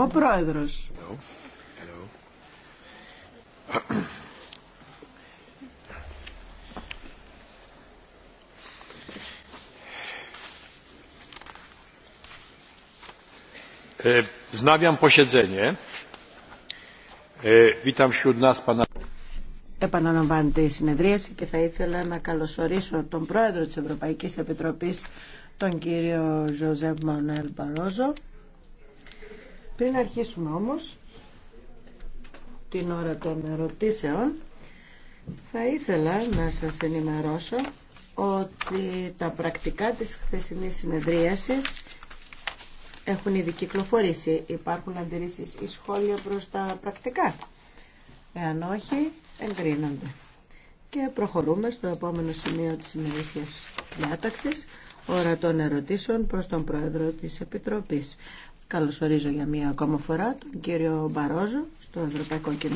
Ο Πρόεδρος. Ε, Znawiam posiedzenie. Ε, witam wśród nas pana. Επαναλαμβάνεται η συνεδρίαση και θα ήθελα να καλωσορίσω τον πρόεδρο της Ευρωπαϊκής Επιτροπής, τον κύριο Ζωζεύ Μανουέλ Μπαρόζο. Πριν αρχίσουμε όμως την ώρα των ερωτήσεων θα ήθελα να σας ενημερώσω ότι τα πρακτικά της χθεσινής συνεδρίασης έχουν ήδη κυκλοφορήσει. Υπάρχουν αντιρρήσεις ή σχόλια προς τα πρακτικά. Εάν όχι, εγκρίνονται. Και προχωρούμε στο επόμενο σημείο της ημερήσιας διάταξης, ώρα των ερωτήσεων προς τον Πρόεδρο της Επιτροπής. Καλωσορίζω για μία ακόμα φορά τον κύριο Μπαρόζο στο Ευρωπαϊκό Κοινοβούλιο.